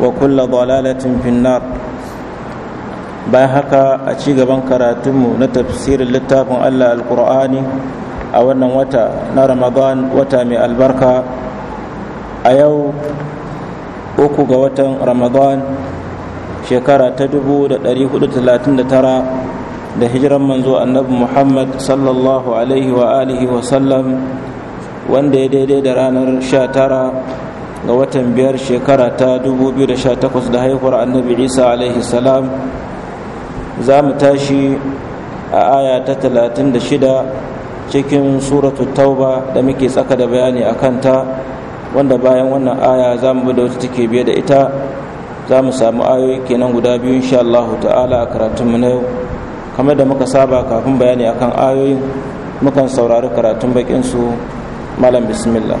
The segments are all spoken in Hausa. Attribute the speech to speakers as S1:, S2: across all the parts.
S1: wa kulla dalalatin finnar bayan haka a ci gaban karatunmu na tafsirin littafin allah alkur'ani a wannan wata na ramadan wata mai albarka a yau uku ga watan ramadan shekara ta dubu da hijiran manzo annabi muhammad sallallahu alaihi wa alihi wa sallam wanda ya daidai da ranar sha tara. ga watan biyar shekara ta 2018 da haihuwar annabi isa alaihi salam za mu tashi a aya ta 36 cikin suratu tauba da muke tsaka da bayani a kanta wanda bayan wannan aya za mu da wata take biye da ita za mu samu ayoyi kenan guda biyu insha Allah ta'ala a karatunmu na yau kamar da muka saba kafin bayani akan ayoyin mukan saurari karatun bakin su malam bismillah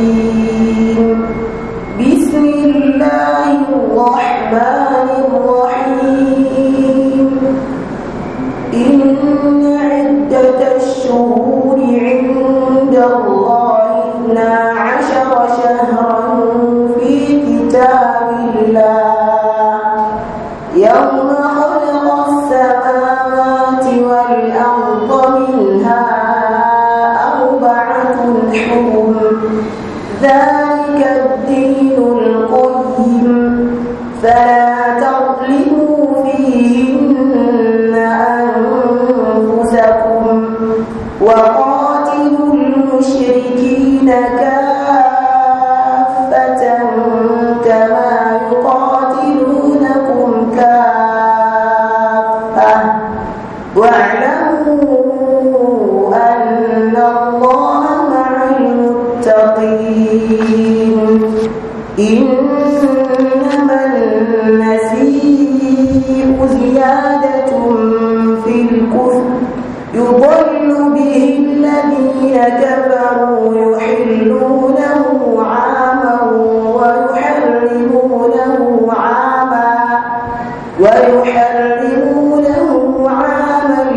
S2: ويحرمونه عاما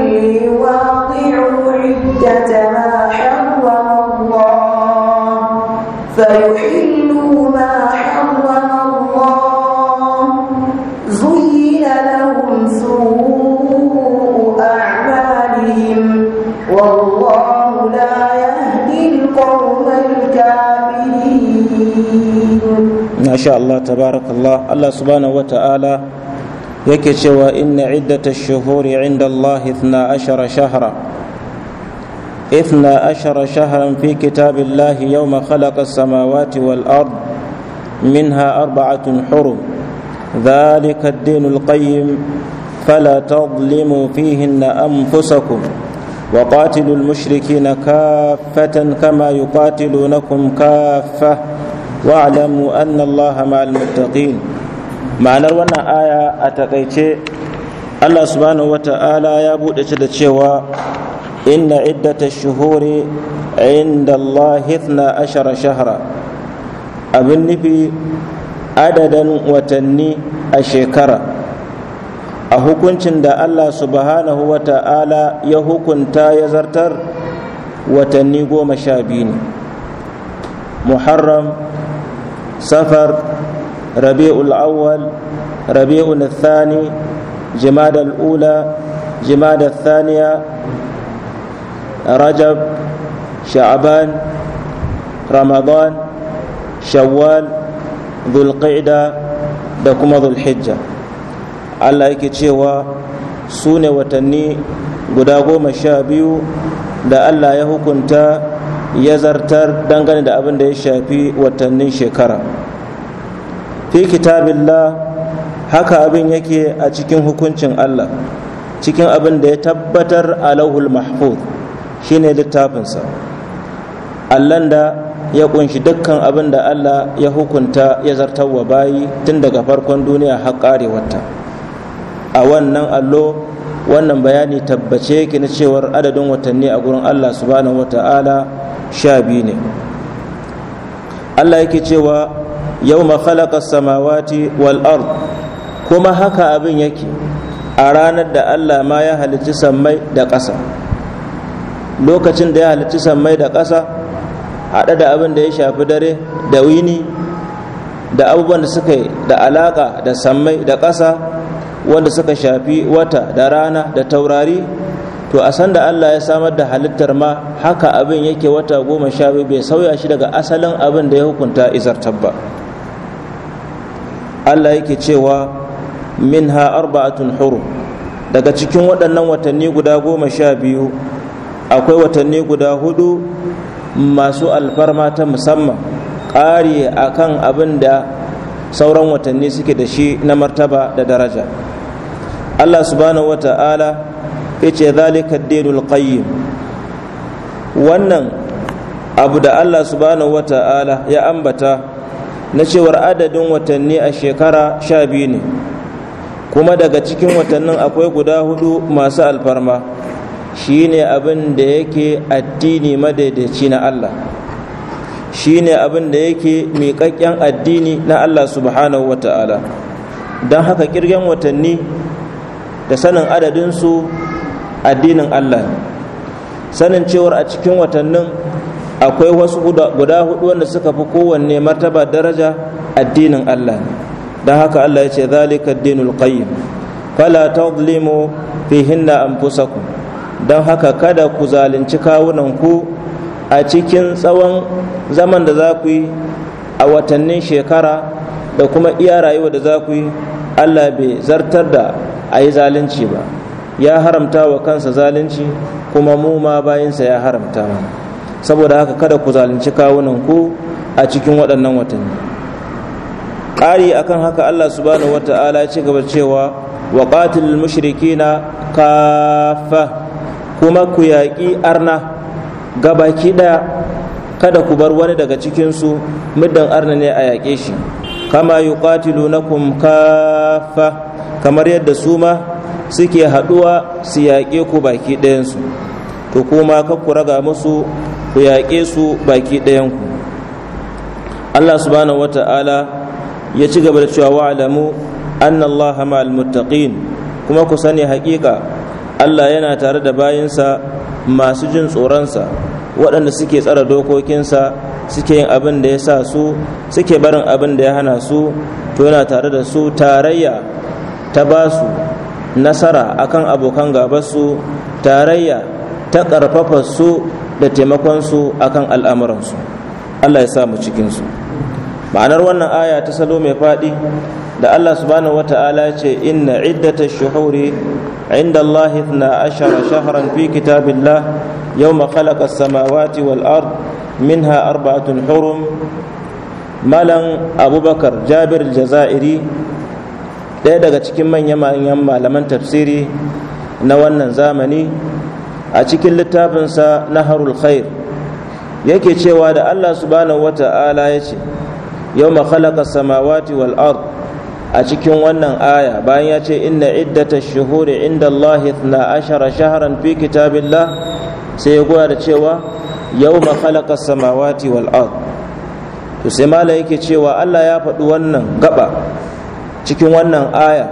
S2: ما حرم الله فيحلوا ما حرم الله زين لهم سوء أعمالهم والله لا يهدي القوم الكافرين
S1: ما شاء الله تبارك الله الله سبحانه وتعالى يكش وإن عدة الشهور عند الله اثنا عشر شهرا اثنا عشر شهرا في كتاب الله يوم خلق السماوات والأرض منها أربعة حرم ذلك الدين القيم فلا تظلموا فيهن أنفسكم وقاتلوا المشركين كافة كما يقاتلونكم كافة واعلموا أن الله مع المتقين ma'anar wannan aya a takaice allah subhanahu wata'ala ya buɗe ta da cewa inna iddata shuhuri inda allah ashara shahara abin nufi adadin watanni a shekara a hukuncin da allah subhanahu wata'ala ya hukunta ya zartar watanni goma sha biyu ne muharram safar ربيع الأول ربيع الثاني جماد الأولى جماد Saniya, Rajab, شعبان رمضان Shawwal, ذو القعدة da kuma zulhijja allah yake cewa su ne watanni guda goma sha biyu da allah ya hukunta ya zartar dangane da abin da ya shafi watannin shekara fi kitabillah haka abin yake a cikin hukuncin Allah cikin abin da ya tabbatar a lauhul mahfuz shine littafinsa allah da ya kunshi dukkan abin da Allah ya hukunta ya wa bayi tun daga farkon duniya har karewarta a wannan allo wannan bayani tabbace yake na cewar adadin watanni a gurin Allah subhanahu wata'ala sha biyu ne Allah yake cewa yau mafalakar samawati wal ard kuma haka abin yake a ranar da Allah ma ya halicci sammai da ƙasa lokacin da ya halicci sammai da ƙasa haɗe da abin da ya shafi dare da wini da abubuwan da suka yi da alaƙa da sammai da ƙasa wanda suka shafi wata da rana da taurari to a san da Allah ya samar da halittar ma haka abin yake wata goma sha biyu bai sauya shi daga asalin abin da ya hukunta izartar ba Allah yake cewa minha arba'atun huru, daga cikin waɗannan watanni guda goma sha biyu akwai watanni guda hudu masu alfarma ta musamman ƙari a kan abin da sauran watanni suke da shi na martaba da daraja allah subhanahu wa ta'ala ya ce zalika dinul qayyim wannan abu da allah subhanahu wa ta'ala ya ambata na cewar adadin watanni a shekara sha biyu ne kuma daga cikin watannin akwai guda hudu masu alfarma Shi ne abin da yake addini madaidaici na Allah Shi ne abin da yake miƙaƙƙen addini na Allah subhanahu wa ta'ala don haka ƙirgen watanni da sanin adadinsu addinin Allah sanin cewar a cikin watannin akwai wasu guda hudu wanda suka fi kowanne martaba daraja addinin Allah ne don haka Allah ya ce zalika addinul qayyim fala tadlimu fihinna anfusakum don haka kada ku zalunci kawunan ku a cikin tsawon zaman da za ku yi a watannin shekara da kuma iya rayuwa da za ku yi Allah bai zartar da ayi zalunci ba ya haramta wa kansa zalunci kuma mu ma bayansa ya haramta mana saboda haka kada ku zalunci kawunan ku a cikin waɗannan watanni ƙari akan haka Allah subhanahu wata'ala ya ci gaba cewa wa qatil mushrikina kafa kuma ku yaƙi arna gabaki ɗaya kada ku bar wani daga cikinsu muddin arna ne a yaƙe shi kama yuqatilunakum kafa kamar yadda su ma suke haɗuwa su yaƙe ku baki ɗayansu to kuma kakku raga musu ku yaƙe su baki ɗayanku allah subhanahu wa ta'ala ya ci gaba da cewa wa'alamu an allaha ma'al muttaqin kuma ku sani haƙiƙa allah yana tare da bayansa masu jin tsoronsa waɗanda suke tsara dokokinsa suke yin abin da ya sa su suke barin abin da ya hana su to yana tare da su tarayya ta ba su nasara akan abokan su, tarayya ta ƙarfafa su da taimakonsu akan al'amuransu Allah ya sa mu cikinsu ma'anar wannan aya ta salo mai faɗi da Allah subhanahu Ta'ala ce inna iddata shuhuri inda Allah na ashara shahran fi kitabillah yau khalaqa samawati wal ard minha arba'atun hurum malam abubakar jabir jazairi ɗaya daga cikin manya-manyan malaman tafsiri na wannan zamani a cikin littafinsa na harul yake cewa da allah subhanahu wata'ala ya ce yau khalaqa samawati wal ard a cikin wannan aya bayan ya ce inna iddata shuhuri inda allahi na ashara shaharan fi kitabillah sai ya goya da cewa yau khalaqa samawati wal ard to sai mala yake cewa allah ya faɗi wannan gaba cikin wannan aya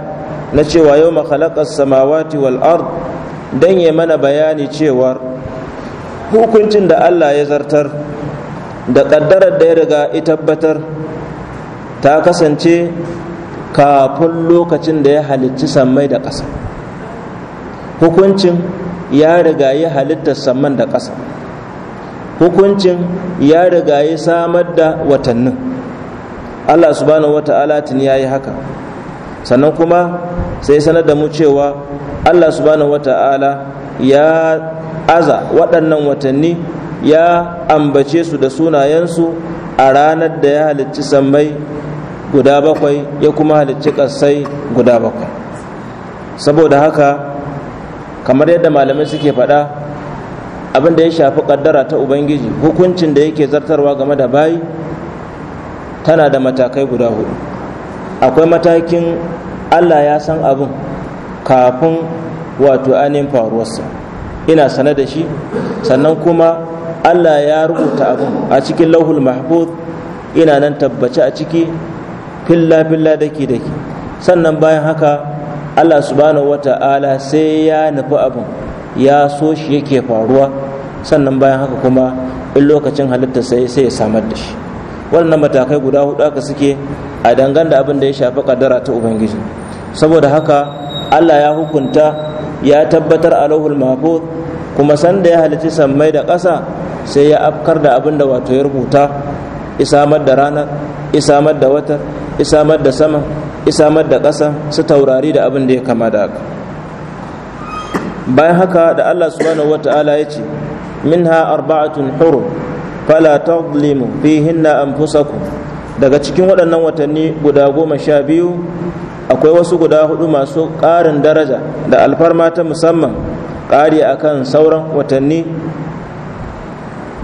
S1: na cewa yau khalaqa samawati wal ard don ya mana bayani cewar hukuncin da Allah ya zartar da ƙaddarar da ya riga ya tabbatar ta kasance kafin lokacin da ya halicci sammai da ƙasa hukuncin ya riga ya halittar saman da ƙasa hukuncin ya riga ya samar da watannin Allah subhanahu ta'ala tun ya yi haka sannan kuma sai sanar da mu cewa allah subhanahu ta'ala ya aza waɗannan watanni ya ambace su da sunayensu a ranar da ya halicci sammai guda bakwai ya kuma halicci ƙasai guda bakwai saboda haka kamar yadda malamai suke faɗa abin da ya shafi ƙaddara ta ubangiji hukuncin da yake zartarwa game da bayi tana da matakai guda hudu akwai matakin allah ya san abin kafin wato ainihin faruwarsa ina sane da shi sannan kuma allah ya rubuta abin a cikin lauhul mahfuz ina nan tabbaci a ciki filla-filla daki-daki sannan bayan haka allah subhanahu wata'ala sai ya nufi abin ya so shi yake faruwa sannan bayan haka kuma in lokacin halitta sai sai ya samar da shi Wannan matakai guda hudu aka suke a dangan da abin da ya shafi kaddara ta ubangiji saboda haka allah ya hukunta ya tabbatar a lauhul mahfuz kuma sanda ya halitta sammai da ƙasa sai ya afkar da abin da wato ya rubuta isamar da ranar isamar da watan isamar da sama isamar da ƙasa su taurari da abin da ya kama da haka bayan haka da allah wata ala ya ce minha arba'atun hurum fala tadlimu fihinna anfusakum daga cikin waɗannan watanni guda goma sha biyu akwai wasu guda hudu masu ƙarin daraja da alfarma ta musamman ƙari akan sauran watanni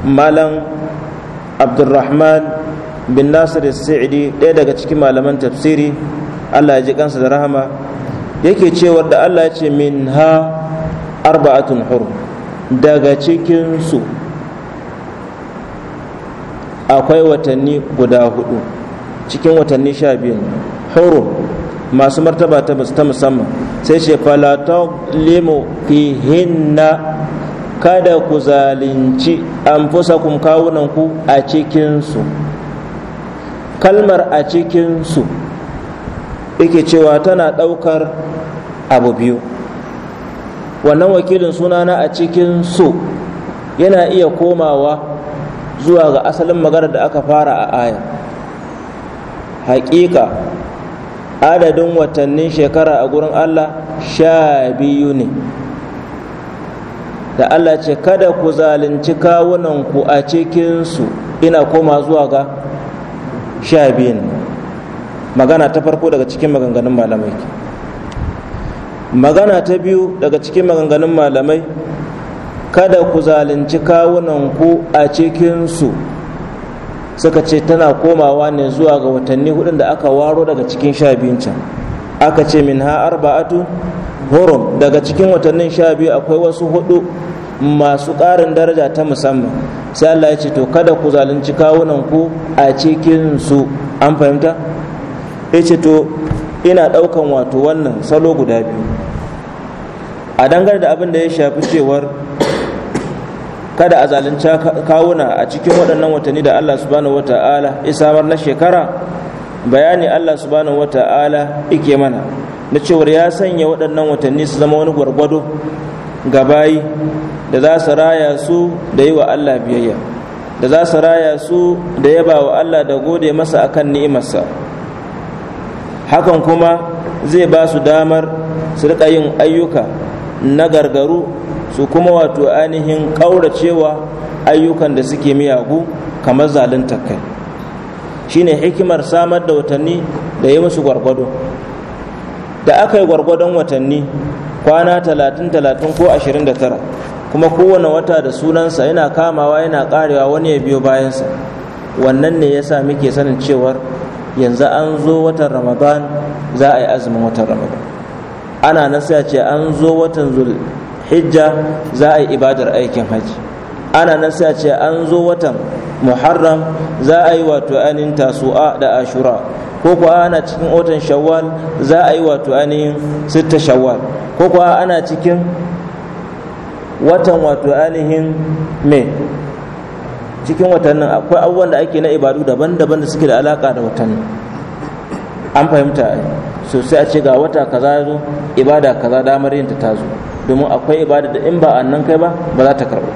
S1: malam abdulrahman bin nasir sa'idi ɗaya daga cikin malaman tafsiri allah ya ji kansa da rahama yake cewar da allah ya ce min ha arba'atun hur daga cikinsu akwai watanni guda hudu cikin watanni sha biyu horo masu martaba ta musamman sai ce falatau fi fihinna kada ku zalunci an fusa kawunanku a cikinsu kalmar a cikinsu yake cewa tana ɗaukar abu biyu wannan wakilin sunana a cikinsu yana iya komawa zuwa ga asalin maganar da aka fara a aya haƙiƙa adadin watannin shekara a gurin Allah sha biyu ne da Allah ce kada ku zalunci kawunanku a cikinsu ina koma zuwa ga sha biyu magana ta farko daga cikin maganganun malamai magana ta biyu daga cikin maganganun malamai kada ku zalunci kawunanku a cikinsu suka ce tana komawa ne zuwa ga watanni hudun da aka waro daga cikin sha aka ce min ha arba'atu hurum daga cikin watannin sha akwai wasu hudu masu ƙarin daraja ta musamman sai Allah ya ce to kada ku zalunci kawunanku a cikinsu an fahimta ya ce to ina ɗaukan wato wannan salo guda biyu a dangane da abin da ya shafi cewar kada a zalunci kawuna a cikin waɗannan watanni da Allah subhanahu wata'ala ya samar na shekara bayani Allah subhanahu wata'ala yake mana na cewa ya sanya waɗannan watanni su zama wani gwargwado ga bayi da za su raya su da yi wa Allah biyayya da za su raya su da yaba wa Allah da gode masa akan ni'imarsa hakan kuma zai ba su damar su riƙa yin ayyuka na gargaru su kuma wato ainihin ƙauracewa ayyukan da suke miyagu kamar zalunta kai shine hikimar samar da watanni da yi musu gwargwado da aka yi gwargwadon watanni kwana talatin talatin ko ashirin kuma kowane wata da sunansa yana kamawa yana karewa wani ya biyo bayansa wannan ne ya yasa muke sanin cewar yanzu an zo watan ramadan za a yi azumin watan ramadan ana nan ce an zo watan Zul. hijja za a yi ibadar aikin haji ana nan sai a ce an zo watan muharram za a yi wato ainihin tasu'a da ashura ko kuwa ana cikin watan shawwal za a yi wato ainihin sitta shawwal ko kuwa ana cikin watan wato ainihin me cikin watannin akwai abubuwan da ake na ibadu daban-daban da suke da alaka da watanni an fahimta sosai a ce ga wata kaza zo ibada kaza damar yin ta zo domin akwai ibada da in ba a nan kai ba ba za ta karɓi.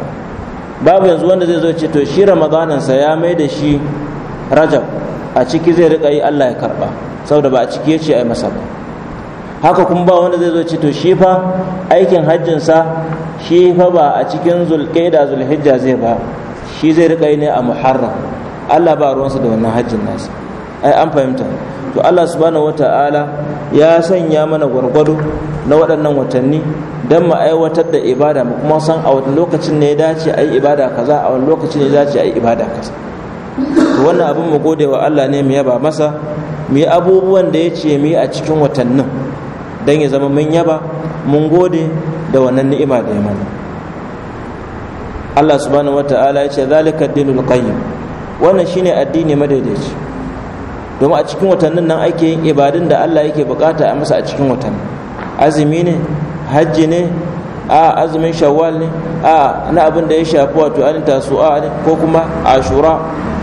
S1: babu yanzu wanda zai zo ce to shi sa ya mai da shi rajab a ciki zai riƙa yi allah ya karɓa saboda ba a ciki ya ce a yi masa ba haka kuma ba wanda zai zo ce to shi fa aikin hajjinsa shi fa ba a cikin zulƙaida zulhijja zai ba shi zai riƙa yi ne a muharram allah ba ruwansa da wannan hajjin nasa ai an fahimta to Allah subhanahu wata'ala ya sanya mana gwargwado na waɗannan watanni don mu aiwatar da ibada mu kuma san a wani lokacin ne ya dace a yi ibada kaza a wani lokacin ne ya dace a yi ibada kaza to wannan abin mu gode wa Allah ne mu yaba masa mu yi abubuwan da ya ce mu yi a cikin watannin don ya zama mun yaba mun gode da wannan ni'ima da ya mana Allah subhanahu wata'ala ya ce zalika dinul qayyim wannan shine addini madaidaici domin a cikin watannin nan ake yin ibadun da Allah yake bukata a masa a cikin watanni azumi ne hajji ne a azumin shawwal ne a na abin da ya shafi wato an tasu'a ne ko kuma ashura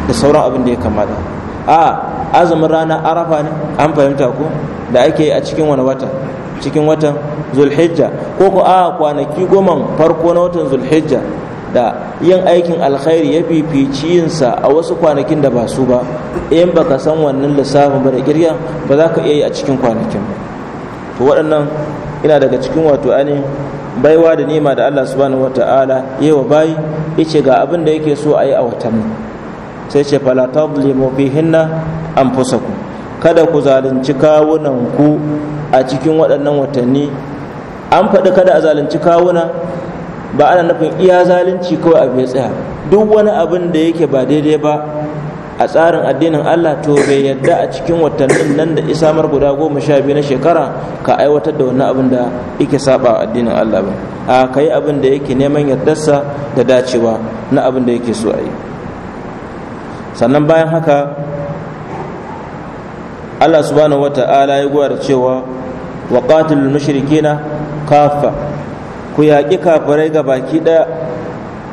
S1: da sauran abin da ya kamata a azumin rana arafa ne an fahimta ko da ake a cikin wani wata cikin watan zulhijja ko ko a kwanaki goma farko na watan zulhijja da yin aikin alkhairi ya fifici yinsa a wasu kwanakin da ba su ba in baka san wannan lissafin ba da kirya ba za ka iya yi a cikin kwanakin to waɗannan ina daga cikin wato ainihin baiwa da nema da Allah subhanahu wata'ala yi wa bayi ice ga abin da yake so a yi a watanni sai ce fala an kada ku zalunci kawunan a cikin waɗannan watanni an faɗi kada a zalunci kawuna ba ana nufin iya zalunci kawai abu ya tsaya duk wani abin da yake ba daidai ba a tsarin addinin Allah to bai yadda a cikin watannin nan da isamar guda goma sha biyu na shekara ka aiwatar da wani abin da yake saba addinin Allah ba a ka abin da yake neman yardarsa da dacewa na abin da yake so a yi sannan bayan haka Allah subhanahu wata'ala ya gwada cewa waqatilul mushrikeena kafa ku yaƙi kafirai ga baki ɗaya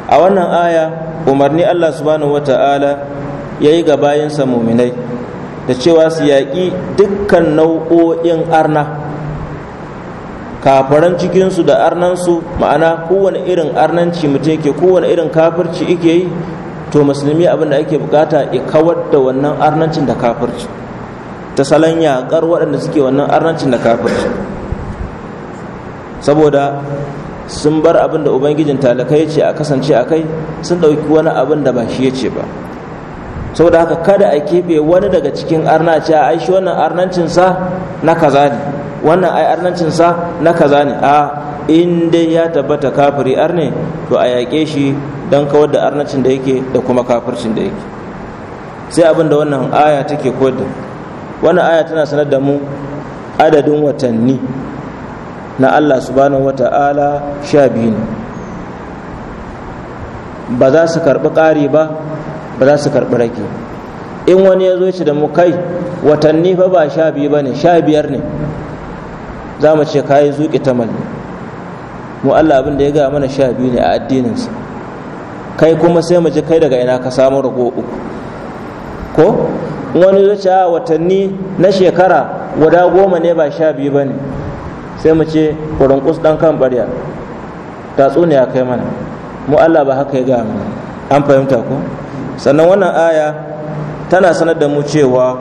S1: a wannan aya umarni allah subhanahu wa ta'ala ya yi ga bayansa muminai da cewa su yaƙi dukkan nau'o'in arna kafaran cikinsu da arnansu ma'ana kowane irin arnanci mutum yake kowane irin kafirci yake yi to musulmi abin da ake bukata ya kawar da wannan arnancin da kafirci ta salon yaƙar waɗanda suke wannan arnancin da kafirci saboda sun bar abin da ubangijin talakai ce a kasance a kai sun ɗauki wani abin da ba shi ya ce ba saboda haka kada a keɓe wani daga cikin arna ce a aishi wannan arnancinsa na kaza ne wannan ai arnancinsa na kaza ne a in dai ya tabbata kafiri arne to a yaƙe shi don kawar da arnancin da yake da kuma kafircin da yake sai abin da wannan aya take koyar da wannan aya tana sanar da mu adadin watanni na Allah subhanahu wata'ala sha biyu ne ba za su karɓi ƙari ba ba za su karɓi rage in wani ya zo shi da mu kai watanni fa ba sha biyu ba ne sha biyar ne za mu ce kayi zuƙi ta malli mu Allah abin da ya gaya mana sha biyu ne a addininsa kai kuma sai mu ji kai daga ina ka samu rago uku ko wani zuciya watanni na shekara guda goma ne ba sha biyu ba ne sai mu ce ƙurinkus ɗan kan ɓarya tatsuniya kai mana mu Allah ba haka ya ga mu an fahimta ko sannan wannan aya tana sanar da mu cewa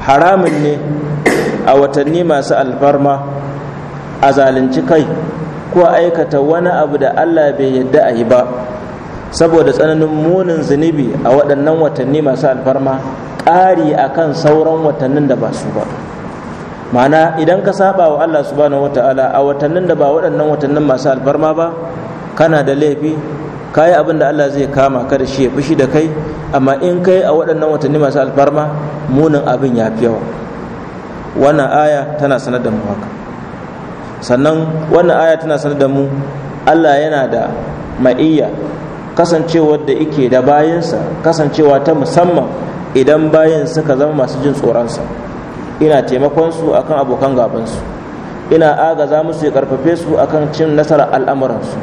S1: haramun ne a watanni masu alfarma a zalunci kai ko aikata wani abu da Allah bai yadda a yi ba saboda tsananin munin zunubi a waɗannan watanni masu alfarma ƙari akan sauran watannin da ba su ba ma'ana idan ka saba wa Allah subhanahu wataala a watannin da ba waɗannan watannin masu alfarma ba kana da laifi ka yi abin da Allah zai kama ka da shi ya fushi da kai amma in kai a waɗannan watanni masu alfarma munin abin ya fi yawa wannan aya tana sanar da mu haka sannan wannan aya tana sanar da mu Allah yana da ma'iyya kasancewar da ike da bayansa kasancewa ta musamman idan bayan suka zama masu jin tsoronsa ina taimakon su akan abokan gaban su ina agaza musu ya karfafe su akan cin nasara al'amuran su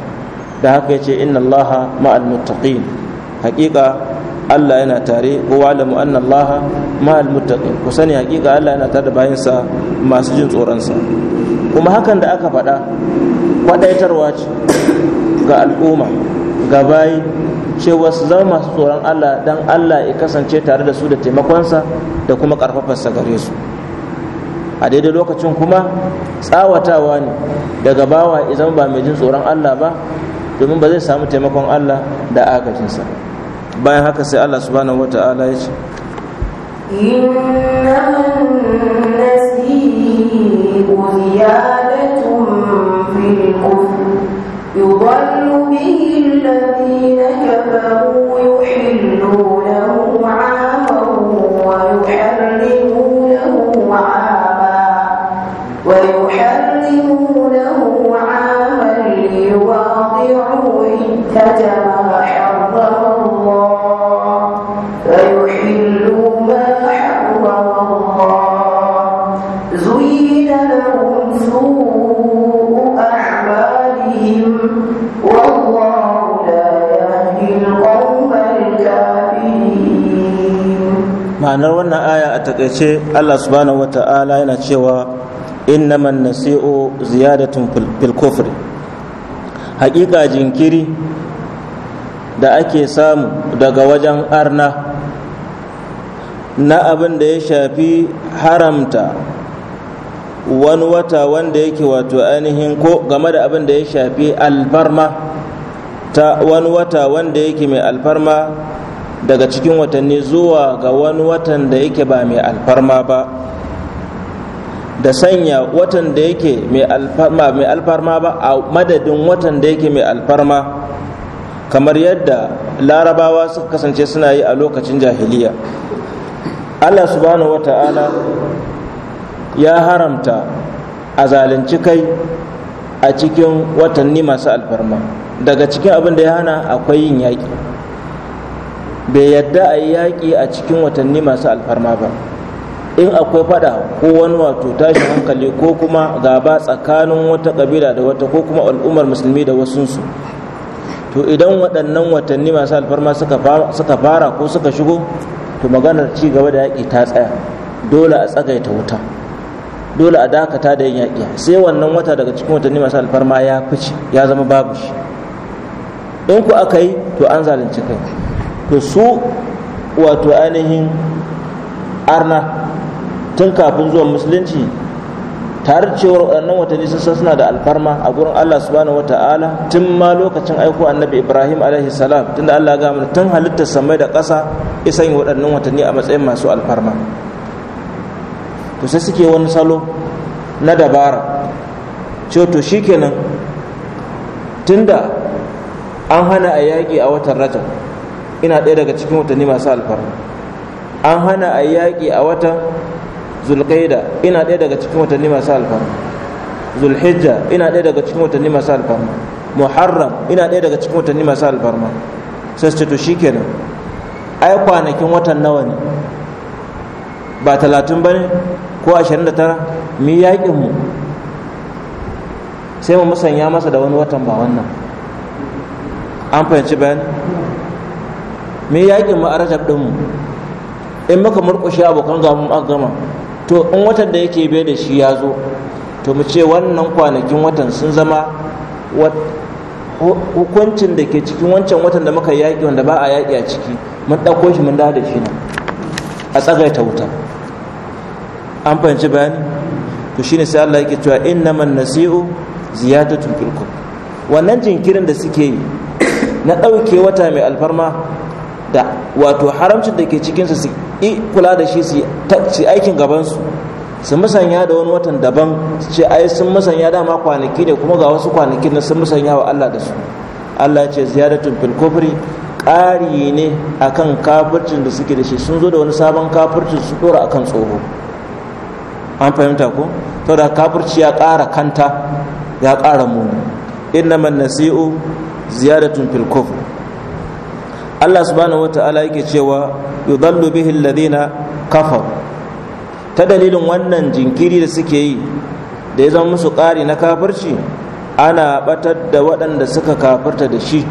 S1: da haka yace inna allaha ma'al muttaqin haƙiƙa Allah yana tare ko wa'lamu anna allaha ma'al muttaqin ku sani haƙiƙa Allah yana tare da bayansa masu jin tsoron sa kuma hakan da aka faɗa kwadaitarwa ce ga al'umma ga bayi cewa su zama masu tsoron Allah dan Allah ya kasance tare da su da taimakonsa da kuma ƙarfafarsa gare su a daidai lokacin kuma tsawatawa ne daga bawa idan ba mai jin tsoron Allah ba domin ba zai samu taimakon Allah da agajinsa bayan haka sai Allah subhanahu wata'ala ya ce takaice Allah subhanahu ta'ala yana cewa innaman nasi'u ziyadatun fil kufr hakika jinkiri da ake samu daga wajen arna na abin da ya shafi haramta wani wata wanda yake wato ainihin ko game da abin da ya shafi alfarma ta wani wata wanda yake mai alfarma daga cikin watanni zuwa ga wani watan da yake ba mai alfarma ba da sanya watan da yake mai alfarma ba a madadin watan da yake mai alfarma kamar yadda larabawa suka kasance suna yi a lokacin jahiliya allah subhanahu wata'ala ya haramta a zalunci kai a cikin watanni masu alfarma daga cikin abin da ya hana akwai yin yaƙi bai yadda a yi yaƙi a cikin watanni masu alfarma ba in akwai fada ko wani wato tashin hankali ko kuma gaba tsakanin wata kabila da wata ko kuma al'ummar musulmi da wasunsu to idan waɗannan watanni masu alfarma suka fara ko suka shigo to maganar ci gaba da yaƙi ta tsaya dole a tsagaita wuta dole a dakata da yin yaƙi sai wannan wata daga cikin watanni masu alfarma ya fice ya zama babu shi in ku aka yi to an zalunci kai to su wato ainihin arna tun kafin zuwan musulunci tare cewar waɗannan watanni sun san suna da alfarma a gurin Allah subhanahu wata'ala tun ma lokacin aiko annabi Ibrahim alaihi salam tun da Allah ga mana tun halittar samai da ƙasa isan yi waɗannan watanni a matsayin masu alfarma to sai suke wani salo na dabara cewa to shikenan tunda an hana a yaƙi a watan Rajab ina ɗaya daga cikin watanni masu alfarma an hana a yaƙi a watan zulkaida ina ɗaya daga cikin watanni masu alfarma zulhijja ina ɗaya daga cikin watanni masu alfarma muharram ina ɗaya daga cikin watanni masu alfarma sai shi kenan, ai kwanakin watan nawa ne ba talatin ba ne ko ashirin da tara mu yaƙin mu sai mu musanya masa da wani watan ba wannan an fahimci bayan me yakin ma'arajar ɗinmu in muka murƙushe abokan gamun gama to in watan da yake bai da shi ya zo to mu ce wannan kwanakin watan sun zama hukuncin da ke cikin wancan watan da muka yaƙi wanda ba a yaƙi a ciki mun ɗauko shi mun da shi nan a tsagaita wuta an fahimci bayani to shine sai Allah yake cewa man nasi'u ziyadatu fil wannan jinkirin da suke yi na ɗauke wata mai alfarma da wato haramcin da ke cikinsa su kula da shi su yi aikin gabansu su musanya da wani watan daban su ce ai sun musanya dama kwanaki ne kuma ga wasu kwanaki na sun musanya wa Allah da su Allah ce ziyaratun fil kufri ƙari ne akan kafircin da suke da shi sun zo da wani sabon kafircin su dora akan tsoho an fahimta ko to da kafirci ya ƙara kanta ya ƙara muni innaman nasi'u ziyaratun fil kufri Allah subhanahu ta'ala yake cewa yudallu bihi alladhina kafaru ta dalilin wannan jinkiri da suke yi da ya zama musu ƙari na kafirci ana batar da waɗanda suka kafirta da shi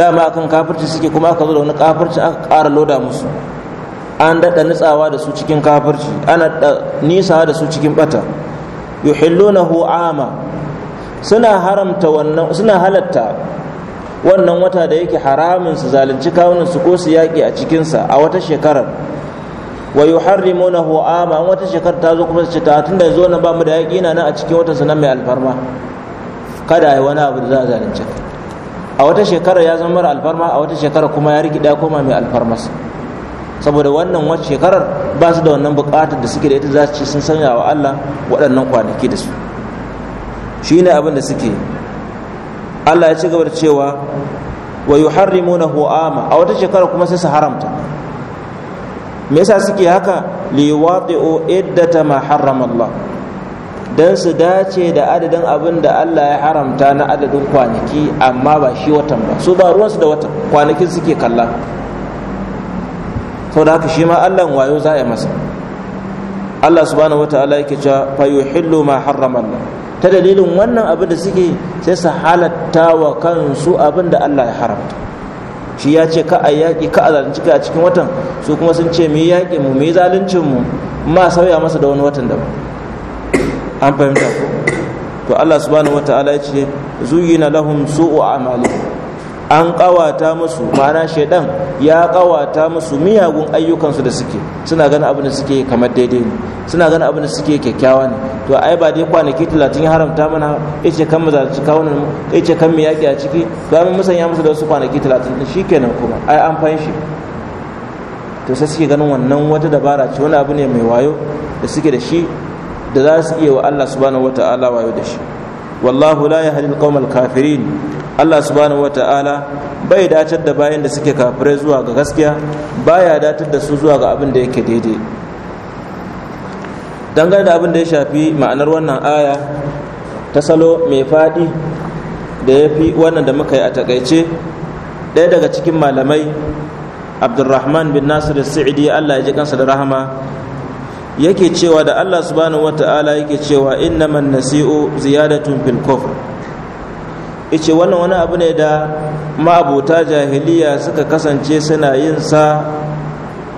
S1: dama akan kafirci suke kuma aka zo da wani kafirci aka ƙara loda musu an daɗa nutsawa da su cikin kafirci ana da nisa da su cikin bata yuhillunahu ama suna haramta wannan suna halatta wannan wata da yake haramin su zalunci kawunan su ko su yaƙi a cikinsa a wata shekarar wa na ama wata shekarar ta zo kuma su ce ta tunda zo na ba mu da yaƙi na nan a cikin wata nan mai alfarma kada yi wani abu da za a zalunci a wata shekarar ya zama mara alfarma a wata shekarar kuma ya rikida koma mai alfarma. saboda wannan wata shekarar ba su da wannan buƙatar da suke da ita za su ci sun sanya wa Allah waɗannan kwanaki da su Shi ne abin da suke Allah ya ci gaba da cewa wa yuharrimunahu ama a wata shekara kuma sai su haramta me yasa suke haka liwati'u iddata ma harrama Allah dan su dace da adadin abin da Allah ya haramta na adadin kwanaki amma ba shi watan ba su ba su da watan kwanakin suke kalla da haka shi ma Allah wayo za a masa Allah subhanahu wataala yake cewa fa yuhillu ma harrama Allah ta dalilin wannan abin da suke sai su halatta wa kansu abin da Allah ya haramta shi ya ce ka a yaƙi ka a zalunci a cikin watan su kuma sun ce mu yaƙi mu mu mu ma sauya masa da wani watan daban an fahimta ko to Allah subhanahu wataala ya ce zuyina lahum su'u amali an kawata musu ma'ana shaidan ya kawata musu miyagun ayyukansu da suke suna ganin abin da suke kamar daidai ne suna ganin abin da suke kyakkyawa ne to ai ba dai kwanaki talatin ya haramta mana ya ce kan mazalci kawunan mu ya ce kan mu yaƙi a ciki ba mu musanya musu da wasu kwanaki talatin din shi kenan kuma ai an fanshi to sai suke ganin wannan wata dabara ce wani abu ne mai wayo da suke da shi da za su iya wa Allah subhanahu wata'ala wayo da shi wallahu la yahdi al kafirin Allah subhanahu wata'ala bai dacar da bayan da suke kafirai zuwa ga gaskiya baya datar da su zuwa ga abin da yake daidai dangane da abin da ya shafi ma'anar wannan aya ta salo mai fadi da ya fi wannan da muka yi a takaice ɗaya daga cikin malamai abdulrahman bin nasir sa'idi allah ya ji kansa da rahama yake cewa da Allah subhanahu wata'ala yake cewa innaman nasi'u ziyadatun fil kufr yace wannan wani abu ne da ma'abota jahiliya suka kasance suna yin sa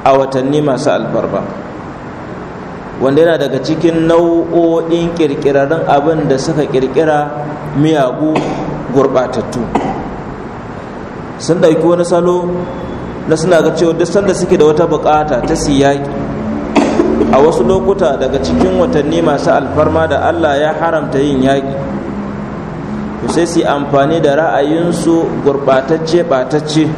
S1: a watanni masu albarba wanda yana daga cikin nau'o'in kirkirarren abin da suka kirkira miyagu gurbatattu sun ɗauki wani salo na suna ga cewa duk sanda suke da wata bukata ta siyaki a wasu lokuta daga cikin watanni masu alfarma da allah ya haramta yin yaƙi to sai su amfani da ra'ayinsu gurɓatacce ɓatacce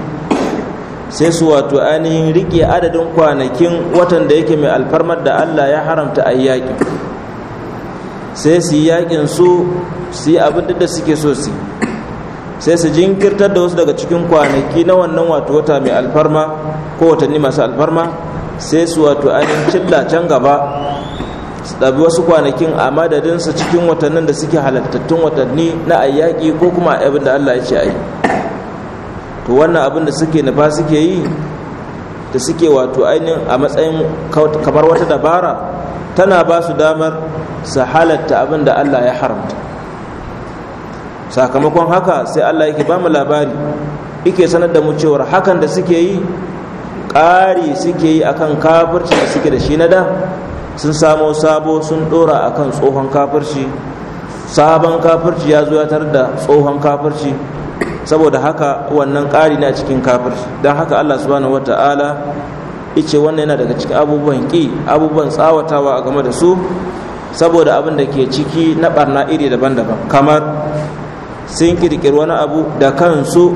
S1: sai su wato ainihin riƙe adadin kwanakin watan da yake mai alfarmar da allah ya haramta a yaƙi sai su yi yaƙin su su yi abin da suke so su sai su jinkirtar da wasu daga cikin kwanaki na wannan wato wata mai alfarma ko watanni masu alfarma sai su wato ainihin cilla can gaba su ɗabi wasu kwanakin a madadinsu cikin watannin da suke halattattun watanni na ayyaki ko kuma abin da Allah ya ce a yi to wannan abin da suke nufa suke yi da suke wato ainihin a matsayin kamar wata dabara tana ba su damar su halatta abin da Allah ya haramta sakamakon haka sai Allah yake ba mu labari yake sanar da mu cewar hakan da suke yi ƙari suke yi akan kafirci da suke da shi na da sun samo sabo sun ɗora akan tsohon kafirci sabon kafirci ya zo ya tar da tsohon kafirci saboda haka wannan ƙari na cikin kafirci don haka allah subhanahu wata'ala ice wannan yana daga cikin abubuwan ƙi abubuwan tsawatawa a game da su saboda abin da ke ciki na ɓarna iri daban-daban kamar sun ƙirƙiri wani abu da kansu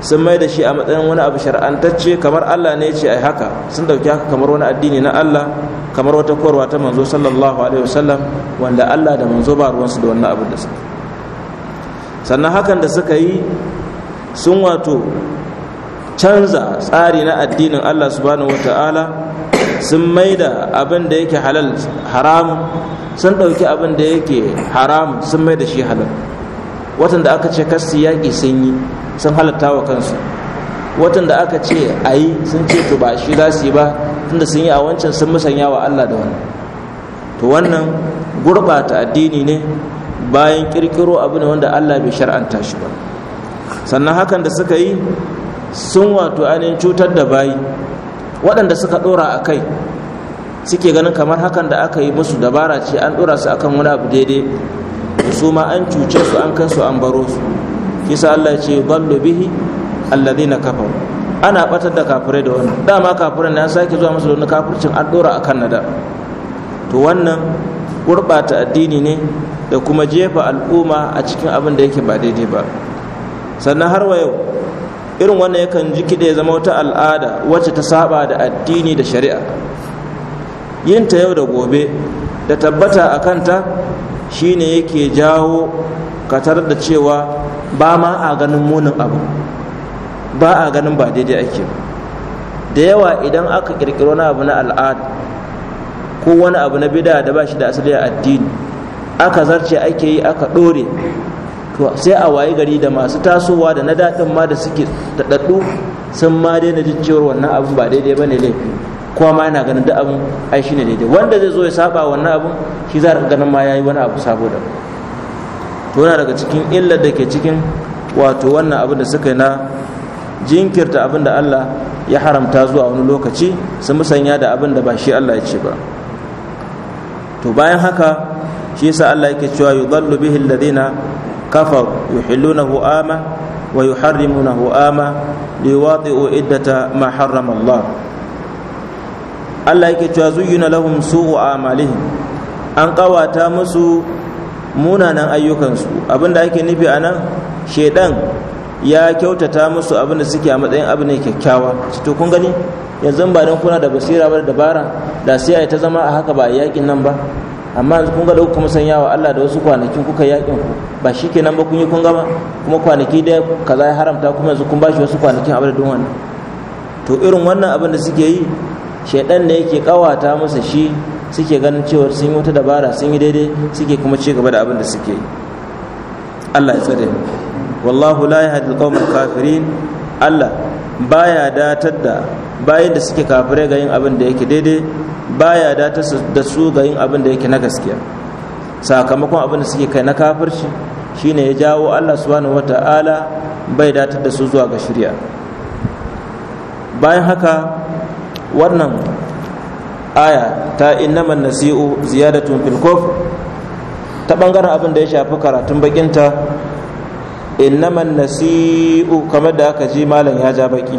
S1: sun mai da shi a matsayin wani abu shar'antacce kamar Allah ne ce ai haka sun dauki haka kamar wani addini na Allah kamar wata korwa ta manzo sallallahu alaihi wasallam wanda Allah da manzo ba ruwan su da wannan abu da suka sannan hakan da suka yi sun wato canza tsari na addinin Allah subhanahu wata'ala sun mai da abin da yake halal haram sun dauki abin da yake haram sun mai da shi halal watan da aka ce kasti yaƙi sun yi sun halatta wa kansu watan da aka ce a yi sun ce to ba shi za su yi ba tunda sun yi a wancan sun musanya wa Allah da wannan to wannan gurɓata addini ne bayan kirkiro abu ne wanda Allah bai shar'anta shi ba sannan hakan da suka yi sun wato ainihin cutar da bayi waɗanda suka ɗora a kai suke ganin kamar hakan da aka yi musu dabara ce an ɗora su akan wani abu daidai su ma an cuce su an kai su an baro su kisa Allah ce ballu bihi alladhina kafaru ana batar da kafirai da wannan dama ne na sake zuwa musu da kafircin an dora akan nada to wannan gurɓata addini ne da kuma jefa al'umma a cikin abin da yake ba daidai ba sannan har wa yau irin wannan yakan ya zama wata al'ada wacce ta saba da addini da shari'a yin ta yau da gobe da tabbata a kanta shine yake jawo katar da cewa ba ma a ganin munin abu ba a ganin ba daidai ake da yawa idan aka kirkiro na abu na al'ad ko wani abu na bida da ba shi da asali a addini aka zarce ake yi aka ɗore to sai a wayi gari da masu tasowa da na daɗin ma da suke taɗaɗɗu sun ma daina jin wannan abin ba daidai ba ne laifi kuma ma yana ganin da abin ai ne daidai wanda zai zo ya saba wannan abin shi za ganin ma ya yi wani abu sabo da to yana daga cikin illar da ke cikin wato wannan abin da suka na jinkirta abin da Allah ya haramta zuwa wani lokaci su musanya da abin da ba shi Allah ya ce ba to bayan haka shi yasa Allah yake cewa yudhallu bihi alladhina kafaru yuhillunahu ama wa yuharrimunahu ama liwati'u iddata ma harrama Allah Allah yake cewa zuyyina lahum su'u amalihim an ƙawata musu munanan ayyukansu abin da ake nufi a nan shaidan ya kyautata musu abinda suke a matsayin abu ne kyakkyawa to kun gani yanzu ba don kuna da basira ba da dabara da sai a ta zama a haka ba a yakin nan ba amma yanzu kun ga kuma san yawa Allah da wasu kwanakin kuka yakin ku ba shi kenan ba kun yi kun gama kuma kwanaki da kaza ya haramta kuma yanzu kun bashi wasu kwanakin abin da wannan to irin wannan abin da suke yi shaidan ne yake kawata musu shi suke ganin cewar sun yi wata dabara sun yi daidai suke kuma ci gaba da abin da suke Allah ya tsare wallahu la yahdi al kafirin Allah baya datar da bayan da suke kafire ga yin abin da yake daidai baya datar da su ga yin abin da yake na gaskiya sakamakon abin da suke kai na kafirci shine ya jawo Allah subhanahu wata'ala bai datar da su zuwa ga shari'a bayan haka wannan aya ta innama nasi'u ziyadatun fil kuf ta bangaren abin da ya shafi karatun ta innama nasi'u kamar da aka ji malam ya ja baki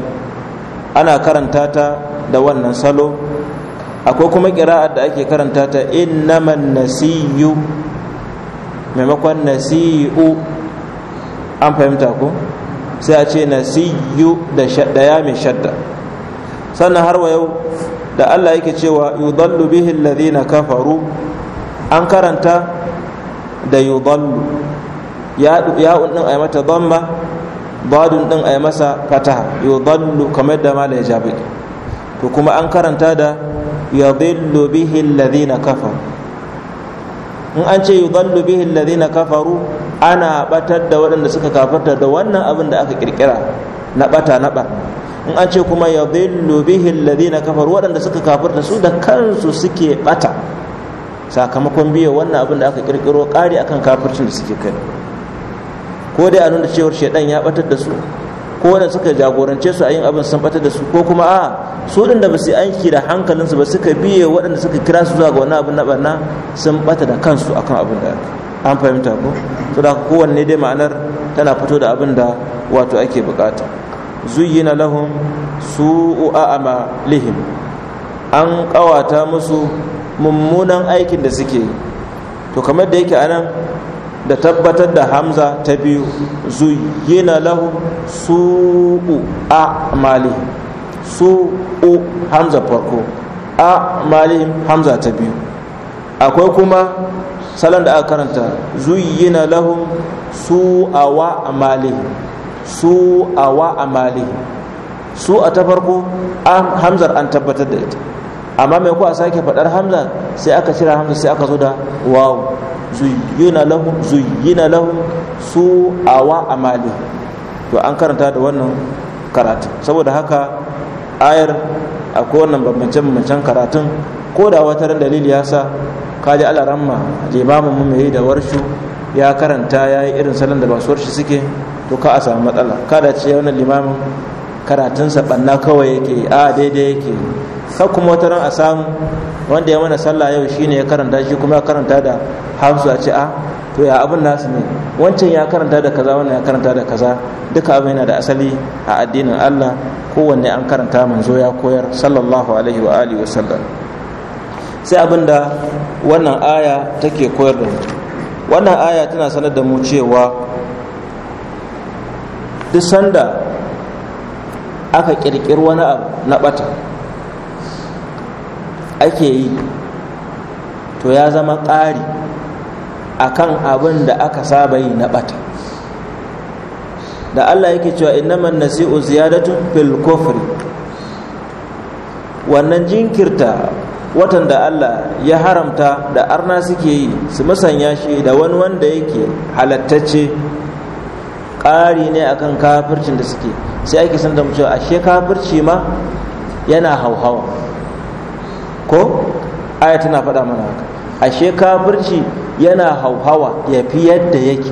S1: ana karanta ta da wannan salo akwai kuma kira'ar da ake karanta ta innama nasi'u maimakon nasi'u an fahimta ko sai a ce nasiyu da ya mai shadda sannan har wa yau da Allah yake cewa yudallu bihi alladhina kafaru an karanta da yudallu ya ɗin a yi mata dhamma badun ɗin a yi masa fataha yudallu kamar da malai jabi to kuma an karanta da yudallu bihi alladhina kafaru in an ce yudallu bihi alladhina kafaru ana batar da waɗanda suka kafarta da wannan abin da aka kirkira na bata na ba in an ce kuma ya billu bihi na kafar waɗanda suka kafar da su da kansu suke ɓata. sakamakon biyo wannan abin da aka ƙirƙiro ƙari akan kafircin da suke kai ko dai a nuna cewar shaidan ya ɓatar da su ko wanda suka jagorance su a yin abin sun ɓatar da su ko kuma a su ɗin da ba su aiki da hankalinsu ba suka biye waɗanda suka kira su zuwa ga wannan abin na ɓarna sun ɓata da kansu akan abin da an fahimta ko to da kowanne dai ma'anar tana fito da abin da wato ake bukata zuyina lahum su'u a'malihim an kawata musu mummunan aikin da suke to kamar da yake anan da tabbatar da hamza ta biyu zuyina lahum su'u a'malihim su'u hamza farko a'malihim hamza ta biyu akwai kuma salon da aka karanta zuyina lahum su'awa a'malihim su a wa amalihi su a ta farko hamzar an tabbatar da ita amma mai kuwa sake faɗar hamza sai aka cira hamza sai aka zo da wawu zuyyina lahu zuyyina lahum su a amali to an karanta da wannan karatu saboda haka ayar akwai wannan bambance bambancen karatun ko da wata ran dalili ya sa kaji alaramma limamin mu mai da warshu ya karanta ya yi irin salon da ba su warshi suke to ka a samu matsala kada ce wani limamin karatunsa banna kawai yake a daidai yake sai kuma wata ran a samu wanda ya mana sallah yau shine ya karanta shi kuma ya karanta da hamsu a ce a to ya abin nasu ne wancan ya karanta da kaza wannan ya karanta da kaza duka abin yana da asali a addinin Allah kowanne an karanta manzo ya koyar sallallahu alaihi wa alihi wasallam sai abin da wannan aya take koyar da mu wannan aya tana sanar da mu cewa duk sanda aka kirkiri wani abu na bata ake yi to ya zama ƙari akan abin da aka saba yi na bata da Allah yake cewa innaman nasi'u ziyadatun fil kufri wannan jinkirta watan da Allah ya haramta da arna suke yi su musanya shi da wani wanda yake halattacce ƙari ne akan kafircin da suke sai ake san da mu cewa ashe kafirci ma yana hauhawa ko aya tana faɗa mana haka ashe kafirci yana hauhawa ya fi yadda yake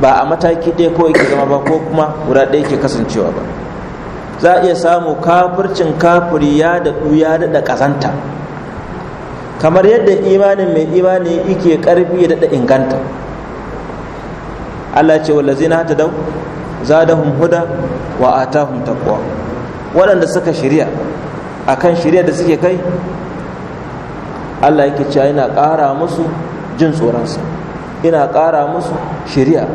S1: ba a mataki ɗaya ko yake zama ba ko kuma guda ɗaya yake kasancewa ba za a iya samu kafircin kafiri ya da ya daɗa ƙazanta kamar yadda imanin mai imani yake ƙarfi ya daɗa inganta Allah ce ta dau, zadahum huda wa atahum taqwa waɗanda suka shirya akan shirya da suke kai Allah yake cewa ina ƙara musu jin tsoronsa ina ƙara musu shirya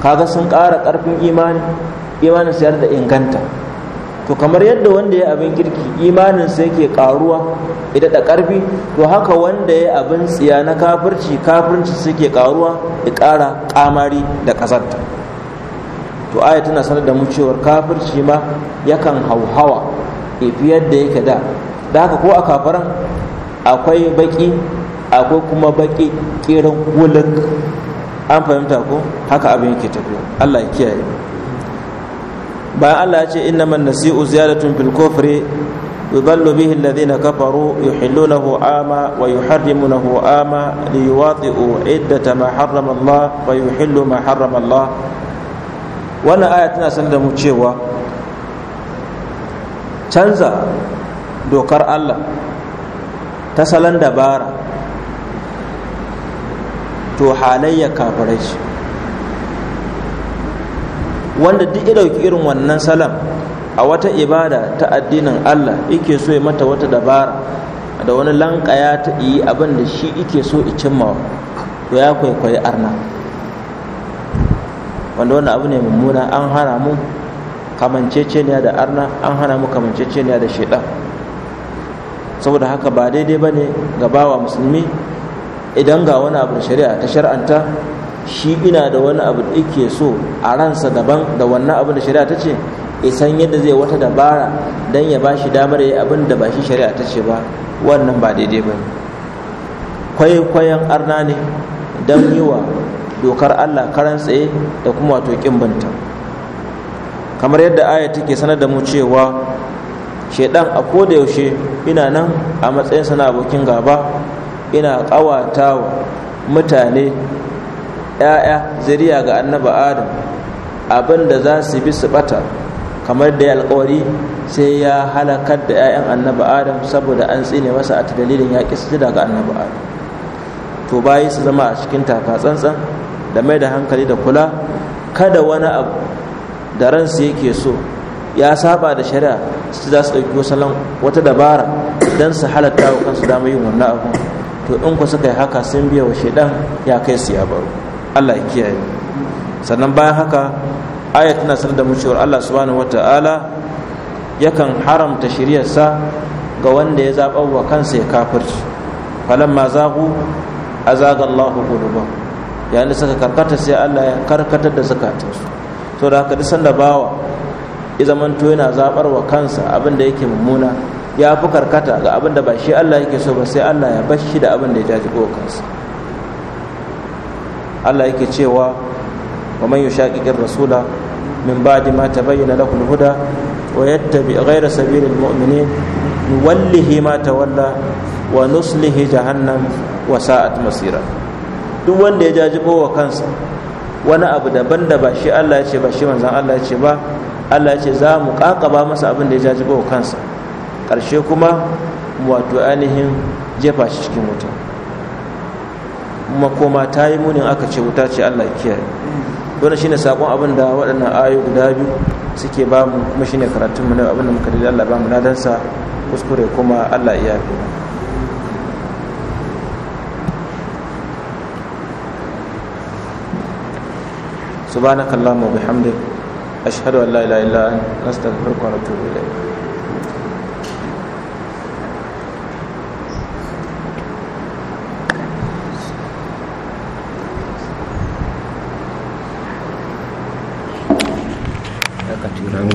S1: kaga sun ƙara ƙarfin imani imanin sayar da inganta to kamar yadda wanda ya abin kirki imaninsa yake karuwa ita da karfi to haka wanda ya abin tsiya na kafirci kafirci suke karuwa ya kara kamari da kasarta to aya tana sanar da mu cewar kafirci ma yakan hauhawa ifi eh, yadda yake da da haka ko a kafaran akwai baki akwai kuma baki kiran wulak an fahimta ko haka abin yake tafiya allah ya kiyaye bayan Allah ya ce innaman nasi'u ziyadatun fil kufri yudallu bihi alladhina kafaru yuhillunahu ama wa yuharrimunahu ama liyuwati'u iddata ma harrama Allah wa yuhillu ma harrama Allah wannan aya tana sanar da mu cewa canza dokar Allah ta salon dabara to halayya kafirai wanda duk ya ɗauki irin wannan salam a wata ibada ta addinin Allah yake so ya mata wata dabara da wani lankaya ta yi abin da shi yake so ya cimma to ya kwaikwayi arna wanda wannan abu ne mummuna an hana mu kamanceceniya da arna an hana mu kamanceceniya da shaidan saboda haka ba daidai ba ne ga bawa musulmi idan ga wani abu shari'a ta shar'anta shi ina da wani abu da yake so a ransa daban da wannan abin da shari'a ta ce isan yadda zai wata dabara don ya bashi damar ya abin da ba shi shari'a ta ce ba wannan ba daidai ba ne kwaikwayon arna ne don yi wa dokar allah karan tsaye da kuma wato Binta. kamar yadda aya take sanar da mu cewa shaidan a yaushe ina nan a matsayin sana abokin gaba ina ƙawata wa mutane 'ya'ya zuriya ga annaba adam abin da za su bi su bata kamar da ya alkawari sai ya halakar da 'ya'yan annaba adam saboda an tsine masa a ta dalilin ya ƙi sujada ga annaba adam to bayi su zama a cikin taka tsantsan da mai da hankali da kula kada wani abu da ransu yake so ya saba da shari'a su za su ɗauki salon wata dabara don su halatta wa kansu dama yin wannan abu to in ku suka yi haka sun biya wa shaidan ya kai su ya baro Allah ya kiyaye sannan bayan haka aya tana sanar da mu cewa Allah subhanahu wata'ala yakan haramta shiryarsa ga wanda ya zaɓa wa kansa ya kafirci falamma zagu azaga Allahu qulubahum yayin suka karkata sai Allah ya karkatar da to da haka duk sanda bawa ya zamanto yana zabar wa kansa abin da yake mummuna ya fi karkata ga abin da ba shi Allah yake so ba sai Allah ya bashi da abin da ya jaji kansa Allah yake cewa wa man yushaqiqir rasula min ba'di ma tabayyana lahu al-huda wa yattabi ghayra al mu'minin nuwallihi ma tawalla wa nuslihi jahannam wa sa'at masira duk wanda ya jajibo wa kansa wani abu daban da ba shi Allah ya ce ba shi manzon Allah ya ce ba Allah ya ce za mu kakaba masa abin da ya jajibo wa kansa ƙarshe kuma wato ainihin jefa shi cikin mutum kuma koma ta yi munin aka ce wuta ce Allah kiyaye wannan shine sakon abin da waɗannan ayo guda biyu suke ba mu kuma shine karatun mu ne abin da muka da Allah ba mu ladan sa kuskure kuma Allah ya yafe subhanakallahumma wa bihamdik ashhadu an la ilaha illa anta astaghfiruka wa atubu ilayk